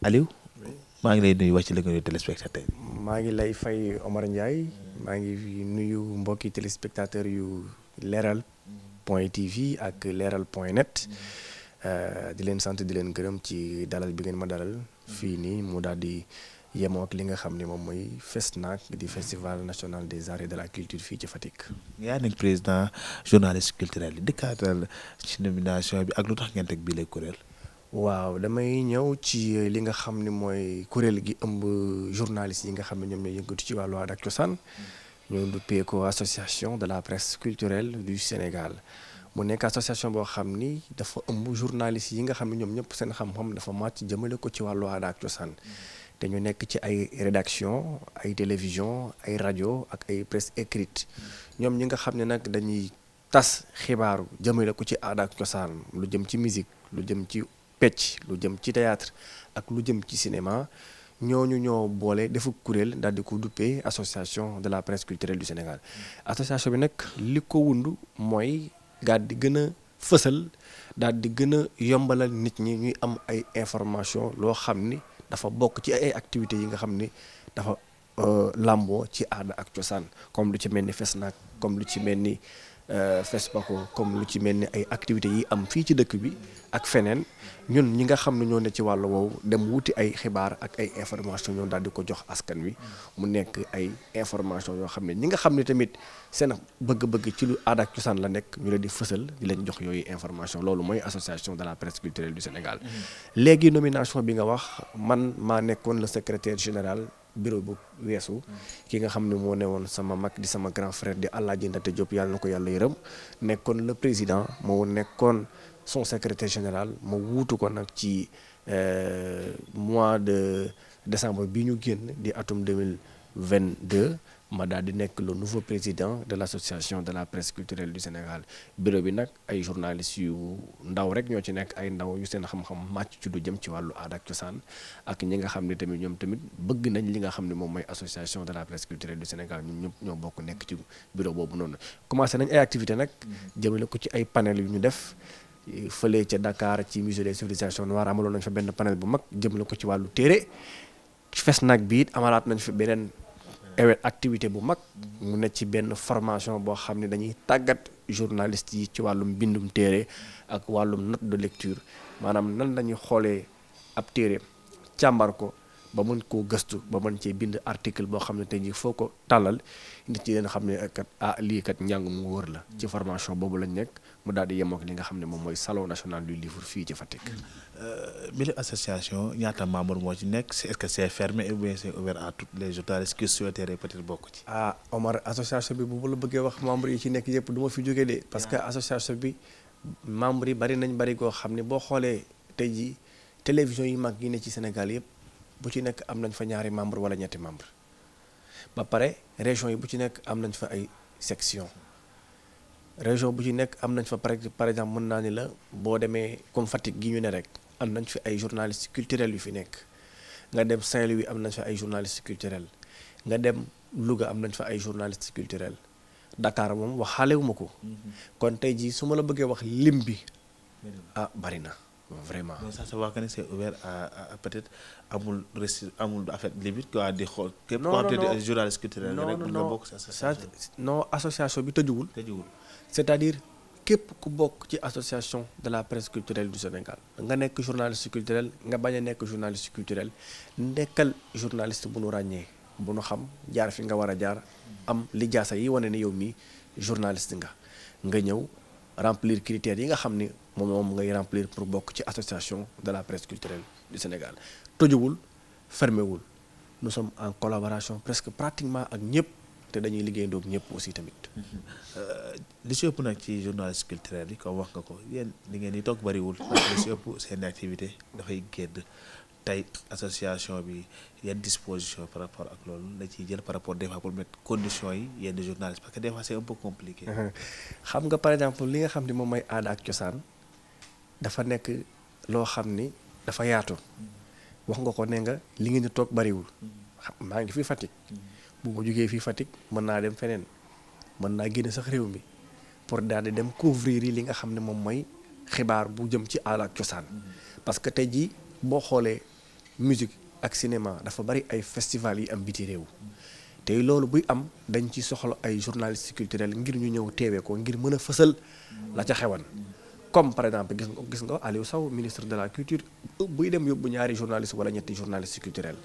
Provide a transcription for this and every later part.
Aliou maa ngi lay nuyu wax ci la téléspectateur maa ngi lay fay Omar Ndiaye maa ngi nuyu mbokki téléspectateur yu leeral point tv ak leeral point net euh, di leen sant di leen gërëm ci dalal bi ngeen ma dalal fii nii mu daal yemoo ak li nga xam ne moom mooy FESNAC di festival national des arts de la culture fii ci Fatick. yaa ngi nekk président journaliste culturel yi dëkkaatal ci nomination bi ak lu tax ngeen teg bii lay kuréel. waaw damay ñëw ci li nga xam ne mooy kuréel gi ëmb journaliste yi nga xam ne ñoom ñooy yëngatu ci wàllu aada ñoo duppee ko association de la presse culturelle du Sénégal. mu nekk association boo xam ni dafa ëmb journaliste yi nga xam ne ñoom ñëpp seen xam-xam dafa màcc jëmale ko ci wàllu aada ak cosaan. te ñu nekk ci ay rédaction ay télévision ay rajo ak ay presse écrite ñoom ñi nga xam ne nag dañuy tas xibaaru jëmale ko ci aada ak cosaan lu jëm ci musique lu jëm ci pecc lu jëm ci théâtre ak lu jëm ci ñoo ñu ñoo boole defu kuréel daal di ko duppee association de la presse culturelle du Sénégal association bi nag li ko wund mooy daal di gën a fësal daal di gën a yombalal nit ñi ñuy am ay information loo xam ni dafa bokk ci ay activités yi nga xam ni dafa euh, lamboo ci aada ak cosaan comme lu ci mel ni fes naag comme lu ci mel ni n'est-ce euh, ko comme lu ci mel ni ay activités yi am fii ci dëkk bi ak feneen ñun ñi nga xam ne ñoo ne ci wàll woow dem wuti ay xibaar ak ay information ñoo daal di ko jox askan wi mu nekk ay information yoo xam ne ñi nga xam ne tamit seen bëgg-bëgg ci lu aada ak cosaan la nekk ñu leen di fësal di leen jox yooyu information loolu mooy association de la presse culturelle du Sénégal mmh. léegi nomination bi nga wax man maa nekkoon le secretaire général bureau bu weesu ki nga xam ne moo ne woon sama mag di sama grand frère di Alaaji Ndate Diop yàlla na ko yàlla yërëm nekkoon le président moo nekkoon son secrétaire général ma wuutu ko nag ci euh, mois de décembre bi ñu génn di atum 2022 ma daal di nekk le nouveau président de la association de la presse culturelle du Sénégal bureau bi nag ay journalistes yu ndaw rek ñoo ci nekk ay ndaw ñu seen xam-xam màcc ci lu jëm ci wàllu aada ak cosaan ak ñi nga xam ne tamit ñoom tamit bëgg nañ li nga xam ne moom mooy association de la presse culturelle du Sénégal ñu ñëpp ñoo bokk nekk ci bureau boobu noonu commencé nañ ay activité nag jëmale ko ci ay panel yu ñu def fële ca dakaar ci musée des civilisations noires amaloon nañ fa benn panel bu mag jëmale ko ci wàllu téere Fesnac bi it amalaat nañ fa beneen ewet activité bu mag mu ne ci benn formation boo xam ne dañuy tàggat journaliste yi ci wàllum bindum téere ak wàllum note de lecture maanaam nan lañuy xoolee ab téere càmbar ko ba mën koo gëstu ba mën cee bind article boo xam ne tey jii foo ko tàllal nit ñi leen xam ne kat ah lii kat njàng mu wër la ci formation boobu lañ nekk mu daal di yemook li nga xam ne moom mooy salon national du livre fii ci Fatick. bi euh, association ñaata membre moo ci nekk est-ce que c'est ou ouvert à toutes les journalistes qui souhaiteraient peut-être bokk ci. ah Omar association bi bu la bëggee wax membre yi ci nekk yëpp du ma fi jógee de. parce que ah. association bi membre yi bari nañ bari koo xam ne boo xoolee tey jii télévision yi mag yi ne ci Sénégal yëpp bu ci nekk am nañ fa ñaari membre wala ñetti membre ba pare région yi bu ci nekk am nañ fa ay section région bu ci nekk am nañ fa par exemple mën naa ni la boo demee comme Fatick gi ñu ne rek am nañ fi ay journalistes culturels yu fi nekk nga dem Saint-Louis am nañ fa ay journalistes culturels nga dem Louga am nañ fa ay journalistes culturels Dakar moom waxaale wu ma ko. Mhm. kon tey jii su ma la bëggee wax lim bi. ah bari na vraiment. mais ça se voit que ne peut-être amul resi amul en fait limite di xool. non non non képp ku am journaliste culturel rek. sa association non association bi tëjuwul. tëjuwul. c'est-à-dire képp ku bokk ci association de la presse culturelle du Sénégal nga nekk journaliste culturel nga bañ a nekk journaliste culturel nekkal journaliste bu nu ràññee bu nu xam jaar fi nga war a jaar am li yi wane ne yow mii journaliste nga nga ñëw remplir critères yi nga xam ni moom moom ngay remplir pour bokk ci association de la presse culturelle du Sénégal tojuwul fermé wul nous en collaboration presque pratiquement ak ñëpp. te dañuy liggéeyandoog ñëpp aussi tamit. Euh, li ci ëpp nag ci journaliste culturel yi comme wax nga ko li ngeen di toog bariwul. Ah. li seen activité dafay gédd tey association bi yenn disposition par rapport ak loolu la ciy jël rapport des yi yenn journaliste parce que des fois ah. xam nga par exemple li nga xam ni moom mooy aada ak cosaan dafa nekk loo xam ni dafa yaatu. Mm. wax nga ko ne nga li ngeen di toog bariwul. Mm. maa ngi fi Fatick. Mm. bu ma jógee fii Fatick mën naa dem feneen mën naa génn sax réew mi pour daal di dem couvrir yi li nga xam ne moom mooy xibaar bu jëm ci aada ak cosaan parce que tey jii boo xoolee musique ak cinéma dafa bari ay festival yi am biti réew tey loolu buy am dañ ci soxla ay journalistes culturels ngir ñu ñëw teewee ko ngir mën a fësal la ca xewan comme par exemple gis nga gis nga Aliou saw ministre de la culture buy dem yóbbu ñaari journaliste wala ñetti journalistes culturels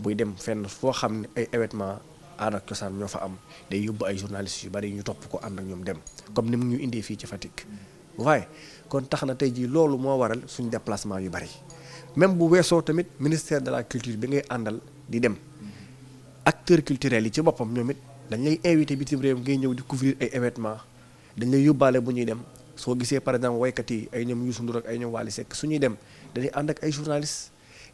buy dem fenn foo xam ne ay événement aada cosaan ñoo fa am day yóbbu ay journalistes yu bari ñu topp ko ànd ak ñoom dem comme ni mu ñu indee fii ci Fatick waaye kon tax na tey jii loolu moo waral suñ déplacement yu bari même bu weesoo tamit ministère de la culture bi ngay àndal di dem acteurs culturels yi ci boppam ñoom it dañ lay invité bitim réew ngay ñëw di couvrir ay événement dañ lay yóbbaale bu ñuy dem soo gisee par exemple waykat yi ay ñoom Youssou Ndour ak ay ñoom Wally Seck su ñuy dem ànd ak ay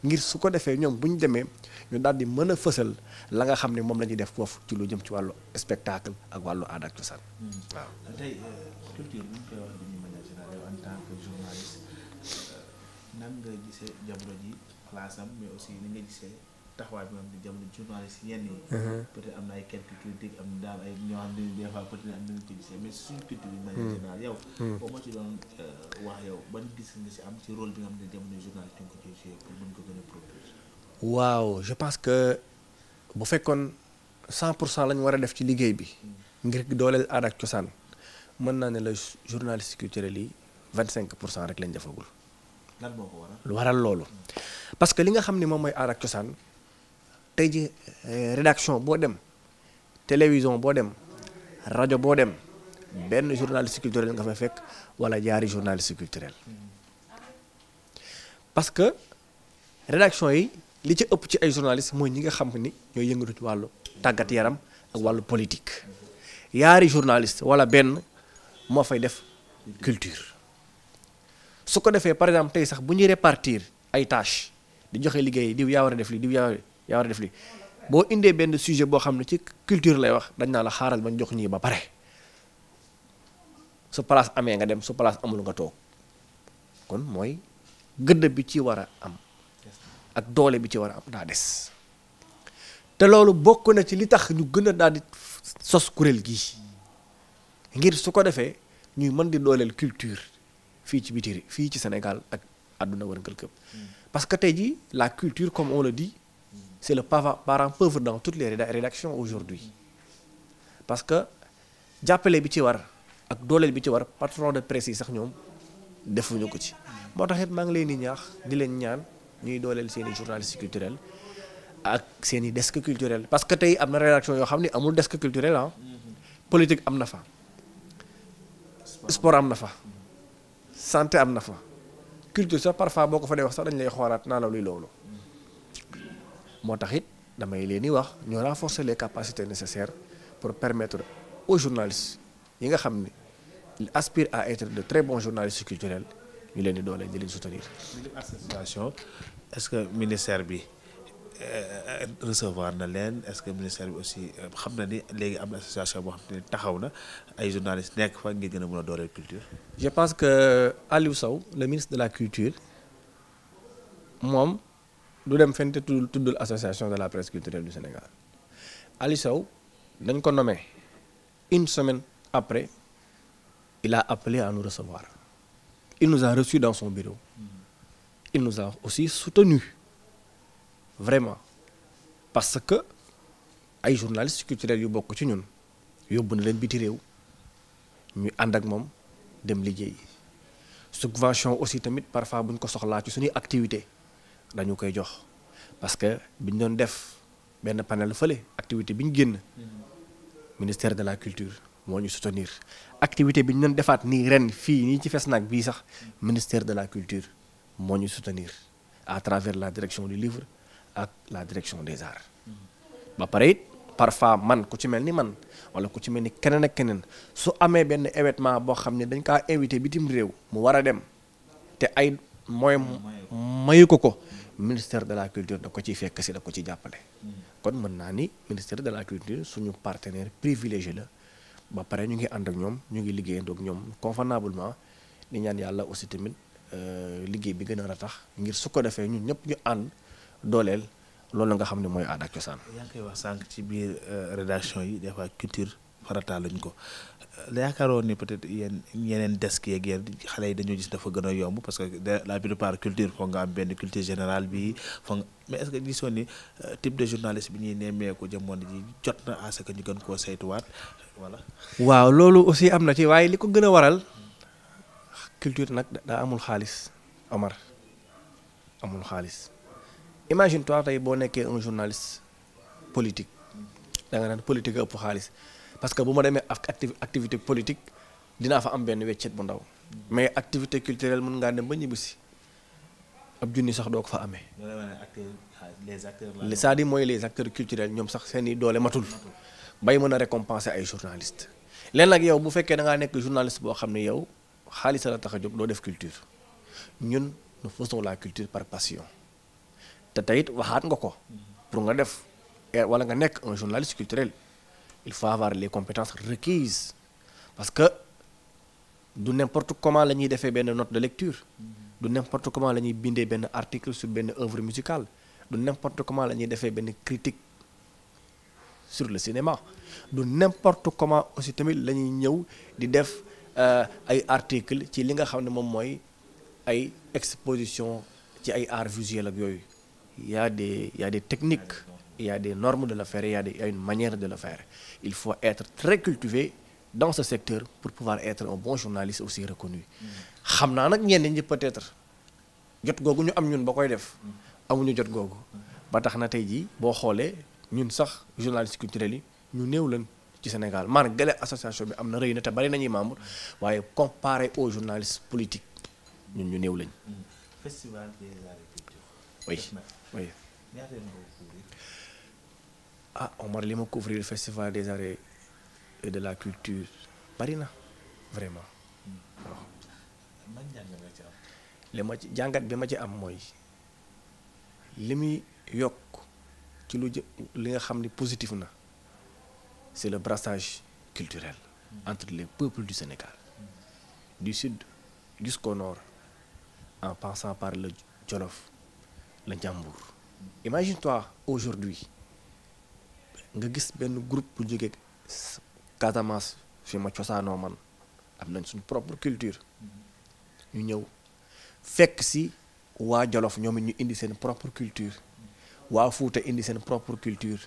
ngir su ko defee ñoom bu ñu demee ñu daal di mën a fësal la nga xam ne moom la ñuy def foofu ci lu jëm ci wàllu spectacle ak wàllu aada ak cosaan. waaw tey euh, culture bi koy wax d'une manière générale en tant que journaliste euh, nan nga gisee jamono ji place mais aussi ni nga gisee. taxawaay bi nga xam ne uh-huh. am ay quelques critiques am xam ne des fois peut être am nañu ci gisee hmm. yow hmm. boo si euh, am ci rôle bi nga xam ne waaw je pense que bu fekkoon cent pour cent la war a def ci liggéey bi hmm. ngir dooleel aada ak cosaan mën naa ne la journaliste culturel yi vingt cinq pour cent rek lañ defagul. lan waral loolu. parce que li nga xam ne moom mooy aada ak cosaan tey ji eh, rédaction boo dem télévision boo dem rajo boo dem benn journaliste culturel nga fa fekk wala jaari journaliste culturel parce que rédaction yi li ci ëpp ci ay journaliste mooy ñi nga xam ni ñooy yëngatu ci wàllu tàggat yaram ak wàllu politique yaari journaliste wala benn moo fay def culture su ko defee par exemple tey sax bu ñuy répartir ay tâches di joxe liggéey diw yaa war a def lii diw yaa war yaa war a def lii boo indee benn sujet boo xam ne ci culture lay wax dañ naa la xaaral bañ jox ñii ba pare su place amee nga dem su place amul nga toog kon mooy gëdd bi ci war a am ak doole bi ci war a am daa des te loolu bokk na ci li tax ñu gën a daal di sos kuréel gii ngir su ko defee ñuy mën di dooleel culture fii ci bitiri fii ci Sénégal ak àdduna wërngal këpp hmm. parce que tey jii la culture comme on le c'est le parent pauvre dans toutes les rédactions aujourd'hui parce que jàppale bi ci war ak dooleel bi ci war patron de presse yi sax ñoom defuñu ko ci moo tax it maa ngi leen di ñaax di leen ñaan ñuy dooleel seen i journaliste culturel ak seen i desk culturel parce que tey am na rédaction yoo xam ne amul desk culturel ah am na fa sport am na fa santé am na fa culture sax parfois boo ko fa dee wax sax dañ lay xoolaat naa la luy loolu moo tax it damay leen di wax ñu renforcer les capacité nécessaires pour permettre au journalistes yi nga xam ne ils aspirent à être de très bons journalistes culturels ñu leen di doole di leen soutenir. association est que ministère bi euh, recevoir na leen est-ce que ministère bi aussi euh, xam na ni léegi am na association boo xam ne taxaw na ay journalistes nekk fa ngir gën a mën dooleel culture. je pense que Aliou Sow le ministre de la culture moom. lu dem fenn te tuddul tuddul association de la presse culturelle du Sénégal Ali Sow dañ ko nommé une semaine après il a appelé à nous recevoir il nous a reçus dans son bureau il nous a aussi soutenus vraiment parce que ay journalistes culturels yu bokk ci ñun yóbbu na leen biti réew ñu ànd ak moom dem liggéey subvention aussi tamit parfois bu ñu ko soxlaa ci suñuy activité dañu koy jox parce que bi ñu doon def benn panel fële activité bi ñu génn ministère de la culture moo ñu soutenir activité bi ñu doon defaat nii ren fii nii ci fes Fesnac bii sax ministère de la culture moo ñu soutenir à travers la direction du livre ak la direction des arts ba pare it parfois man ku ci mel ni man wala ku ci mel ni keneen ak keneen su amee benn événement boo xam ne dañ kaa invité bitim réew mu war a dem te ay mooy mayu ko ko ministère de la culture da ko ciy fekk si da ko ci jàppale hmm. kon mën naa ni ministère de la culture suñu partenaire privilégié la ba pare ñu ngi ànd ak ñoom ñu ngi liggéeyandoo ak ñoom convenablement di ñaan yàlla aussi tamit euh, liggéey bi gën a tax ngir su ko defee ñun ñëpp ñu ànd dooleel loolu la nga xam ne mooy ànd ak cosaan. yaa koy wax sànq ci biir euh, rédaction yi des fois culture. farataa luñ ko euh, yaakaaroon ni peut-être yéen yeneen desk yeeg xale yi dañoo gis dafa gën a yomb parce que la plupart culture foog nga am benn culture générale bi foog mais est-ce que gisoon ni euh, type de journaliste bi ñuy nemmeeku jamono ji jot na à ce que ñu gën koo saytuwaat voilà. waaw loolu aussi am na ci waaye li ko gën a waral culture nag daa amul xaalis Omar amul xaalis imagine toi tey boo nekkee un journaliste politique da nga naan politique xaalis. parce que bu ma demee activité politique dinaa fa am benn weccet bu ndaw mais activité culturelle mën ngaa dem ba ñibbisi ab junni sax doo ko fa amee. Ah, les acteurs là. cest à mooy les acteurs culturels ñoom sax seen i doole matul. bay mën a récompenser ay journalistes. leen nag yow bu fekkee da ngaa nekk journaliste boo xam ne yow xaalis la tax a jóg doo def culture ñun nous faisons la culture par passion te tey it waxaat nga ko mm-hmm. pour nga def eh, wala nga nekk un journaliste culturel. il faut avoir les compétences requises parce que du n'importe comment la ñuy defee benn not de lecture du n'importe comment la ñuy bindee benn article sur benn œuvre musicale du n'importe comment la ñuy defee benn critique sur le cinéma du n'importe comment aussi tamit la ñuy ñëw di def euh, ay article ci li nga xam ne moom mooy ay exposition ci ay arts visuels ak yooyu y a des y a des techniques il y a des normes de le faire, il y a, des, une manière de le faire. Il faut être très cultivé dans ce secteur pour pouvoir être un bon journaliste aussi reconnu. xam naa nag ñenn ñi peut-être jot googu ñu am ñun ba koy def amuñu jot googu ba tax na tey jii boo xoolee ñun sax journaliste culturel yi ñu néew lañ ci Sénégal maanaam gële association bi am na rëy na te bari nañuy membre waaye comparé aux journalistes politique ñun ñu néew lañ. ah Omar li ma couvrir festival des arts de la culture bari na vraiment li ma ci jàngat bi ma ci am mooy li muy yokk ci lu jë li nga xam ni positif na c'est le brassage culturel entre les peuples du Sénégal du sud jusqu'au nord en passant par le Jolof la Njambur imagine-toi aujourd'hui nga gis benn groupe bu jóge Casamance fi ma cosaanoo man am nañ suñu propre culture ñu ñëw fekk si waa Jolof ñoom it ñu indi seen propre culture waa Fuuta indi seen propre culture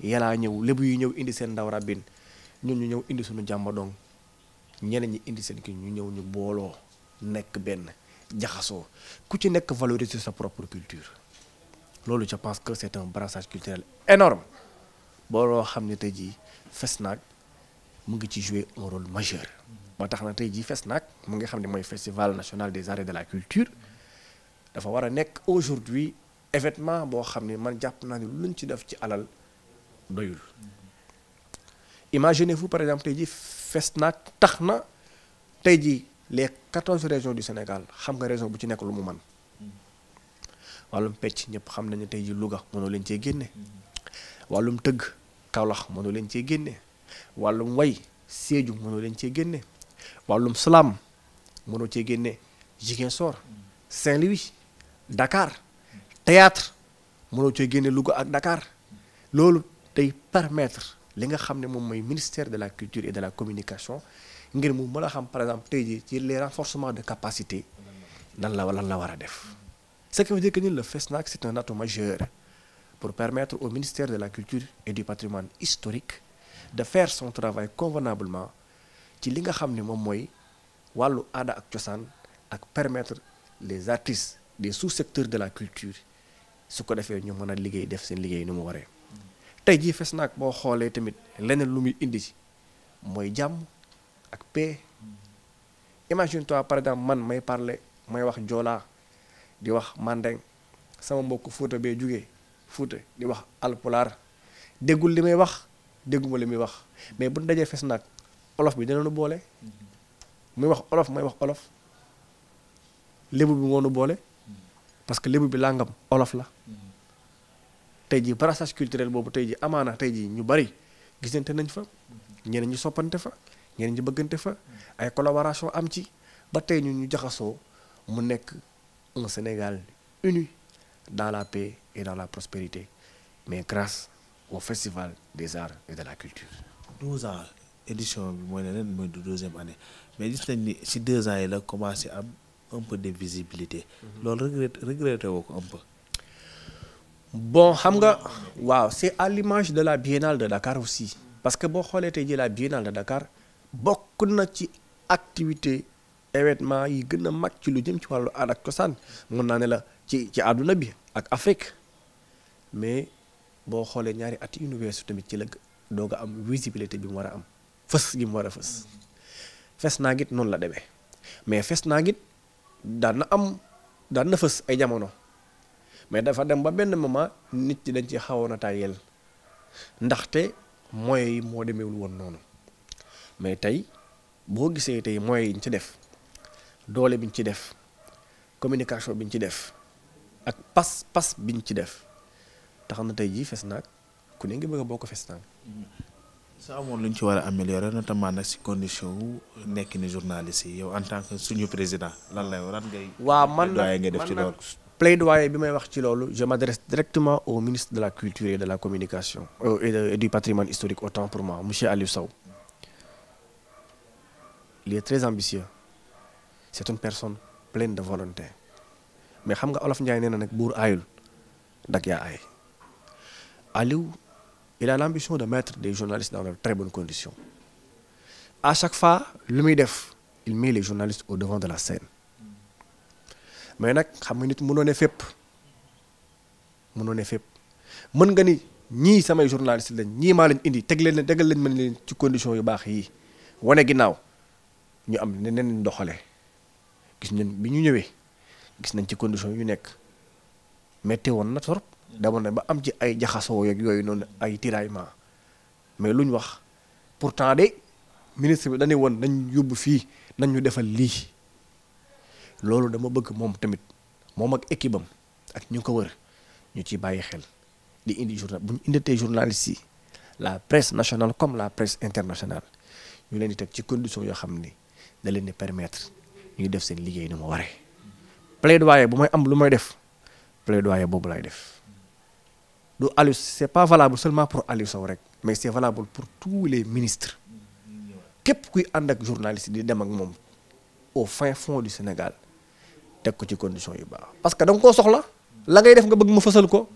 yalaa ñëw lébu yu ñëw indi seen ndaw rabin ñun ñu ñëw indi suñu jàmbadong ñeneen ñi indi seen ki ñu ñëw ñu booloo nekk benn jaxasoo ku ci nekk valoriser sa propre culture loolu je pense que c'est un brassage culturel énorme booloo xam ne tey jii FESNAC mu ngi ci jouer un rôle moo tax na tey jii FESNAC mu ngi xam ne mooy festival national des arts de la culture dafa war a nekk aujourd'hui évétement boo xam ne man jàpp naa ne luñ ci def ci alal doyul. imagine fu par exemple tey jii FESNAC tax na tey jii les quatorze régions du Sénégal xam nga région bu ci nekk lu mu man wàllum pecc ñëpp xam nañu tey jii Louga mënoo leen cee génne wàllum tëgg. Kaolack mënu leen cee génne wàllum way Sédhiou mënu leen cee génne wàllum Salam mënu cee génne Ziguinchor Saint-Louis Dakar théâtre mënoo cee génne Louga ak Dakar loolu tey permettre li nga xam ne moom mooy ministère de la culture et de la communication ngir mu mën a xam par exemple tey jii ci les renforcements de capacité lan la lan la war a def ce qui veut dire que ñun le FESNAC c'est un atout pour permettre au ministère de la Culture et du Patrimoine historique de fair son travail convenablement ci li nga xam ne moom mooy wàllu aada ak cosaan ak permettre les artistes des sous-secteurs de la culture su ko defee ñu mën a liggéey def seen liggéey nu mu waree. tey jii fes naag boo xoolee tamit leneen lu muy indi ci mooy jàmm ak paix imagine toi par exemple man may parle may wax joolaa di wax mandeng sama mbokk Fuuta bee jugee. fuuta di wax alpulaar déggul li may wax dégguma li muy wax mais bu ñu dajee fes nag olof bi dina nu boole muy wax olof may wax olof lébu bi moo nu boole parce que lébu bi làngam olof la tey jii brassage culturel boobu tey jii amaana tey jii ñu bari gisante nañ fa ñeneen ñu soppante fa ñeneen ñu bëggante fa ay collaboration am ci ba tey ñu ñu jaxasoo mu nekk un Sénégal uni dans la et la prospérité, mais grâce au Festival des arts de la culture. 12 ans édition bi mooy leneen mooy du deuxième année mais gis ni si deux ans yi la commencé am un peu de visibilité. Mhm. loolu regretté woo ko un peu. bon xam nga waaw c'est à l'image de la biennale de Dakar aussi parce que boo xoolee tey ji la biennale de Dakar bokk na ci activité événement yi gën a mag ci lu jëm ci wàllu aada ak cosaan mën naa ne la ci ci àdduna bi ak Afrique. mais boo xoolee ñaari ati université tamit ci la doog am visibilité bi mu war a am fës gi mu war a fës fes naa git noonu la demee mais fes naa git daan na am daan na fës ay jamono mais dafa dem ba benn moment nit ñi dañ ci xawoon a tàyyeel ndaxte moyens yi moo demewul woon noonu mais tey boo gisee tey moyens yi ñu ci def doole bi ñu ci def communication bi ñu ci def ak pas-pas bi ñu ci def. taxaw na tey jii Fesnac ku ne nga bëgg a bokk Fesnac. sa amoon lu ñu ci war a améliorer notamment nag si condition wu nekk ni journaliste yi yow en tant que suñu président lan lay waa ngay. waaw man ngay def ci loolu. plaidoyer bi may wax ci loolu je m'adresse directement au ministre de la culture et de la communication euh, et du patrimoine historique autant pour moi monsieur Aliou Sow il est très ambitieux c'est une personne pleine de volonté mais xam nga olof Ndiaye nee na nag buur aayul dak Aliou, il a l'ambition de maitre des journalistes dans de très bonnes conditions. À chaque fois, lu muy def il met les journalistes au devant de la scène mais nag xam nga nit mënoo ne fépp mënoo ne fépp mën nga ni ñii samay journalistes lañ ñii maa leen indi teg leen tegal leen mën leen ci condition yu baax yi wane ginnaaw ñu am neneen doxale gis nañ bi ñu ñëwee gis nañ ci condition yu nekk metti woon na torop demoon na ba am ci ay jaxasoo yeeg yooyu noonu ay tiraillement mais luñ wax pourtant de ministre bi danay woon nañ yóbbu fii nañ ñu defal lii loolu dama bëgg moom tamit moom ak équipe ak ñu ko wër ñu ci bàyyi xel di indi journal bu ñu indetee journalistes yi la presse national comme la presse international ñu leen di teg ci condition yoo xam ni da leen di permettre ñuy def seen liggéey ni mu waree plaidoyer bu may am lu may def plaidoyer boobu lay def du alis c'est pas valable seulement pour Aliou Sow rek mais c'est valable pour tous les ministres képp kuy ànd ak journaliste di dem ak moom au fin fond du Sénégal teg ko ci condition yu baax parce que danga koo soxla la ngay def nga bëgg mu fësal ko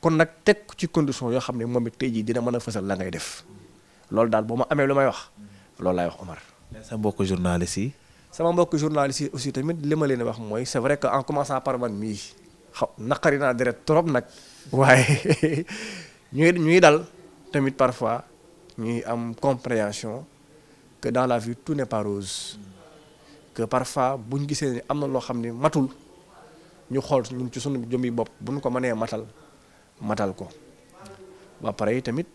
kon nag teg ko ci condition yoo xam ne moom it tey jii dina mën a fësal la ngay def lool daal boo ma amee lu may wax loolu laay wax Omar. sa mbokk journaliste yi. sama mbokk journaliste yi aussi tamit li ma leen wax mooy c'est vrai que en commençant par man mii xaw naqari naa deret nag. waaye ñuy ñuy dal tamit parfois ñuy am compréhension que dans la vie tout n'est pas rose que parfois bu ñu gisee ne am na loo xam ni matul ñu xool ñun ci sunu jëmmi bopp bu ñu ko mënee matal matal ko ba pare tamit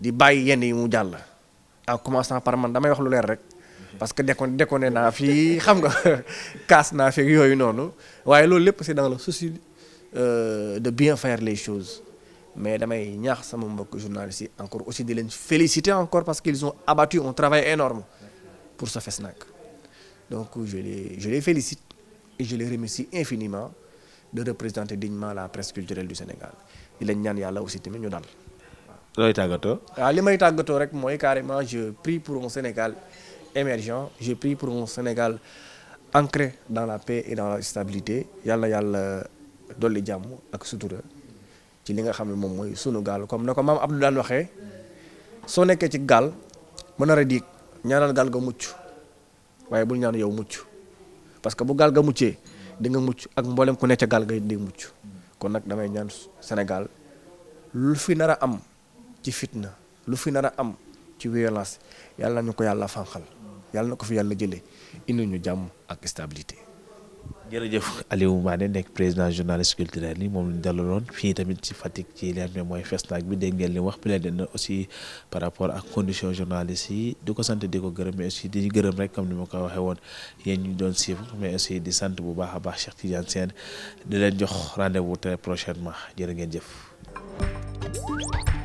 di bàyyi yenn yi mu jàll. en commençant par man damay wax lu leer rek parce que décon déconné naa fii xam nga kaas naa fi yooyu noonu waaye loolu lépp c'est dans le Euh, de bien faire les choses mais damay ñaax sama mbokk journalistes yi encore aussi di leen féliciter encore parce qu'ils ont abattu un travail énorme pour ce FESNAC donc je les je les félicite et je les remercie infiniment de représenter dignement la presse culturelle du Sénégal di leen ñaan yàlla aussi tamit ñu dal. looy ah, li may tàggatoo rek mooy carrément je prie pour un Sénégal émergent je prie pour un Sénégal ancré dans la paix et dans la stabilité yàlla yàlla. dolli jàmm ak sutura ci li nga xam ne moom mooy sunu gaal comme na ko maam Abdou daan waxee soo nekkee ci gaal mën a radiig ñaanal gaal ga mucc waaye bul ñaan yow mucc parce que bu gaal ga muccee di nga mucc ak mboolem ku ne ca gaal ga di mucc kon nag damay ñaan Sénégal lu fi nar a am ci fitna lu fi nar a am ci violence yàlla na ñu ko yàlla fànqal yàlla na ko fi yàlla jëlee indi ñu jàmm ak stabilité. jërëjëf Aliou Mané nekk président journaliste culturel yi moom lañ dalaloon fii tamit ci Fatick ci leer ne mooy Fesnac bi dégg li wax bi leen den aussi par rapport ak condition journaliste yi di ko sant di ko gërëm mais aussi di gërëm rek comme ni ma koy waxee woon yéen ñu doon suivre mais aussi di sant bu baax a baax Cheikh Tidiane Sène di leen jox rendez-vous très prochainement jërë ngeen jëf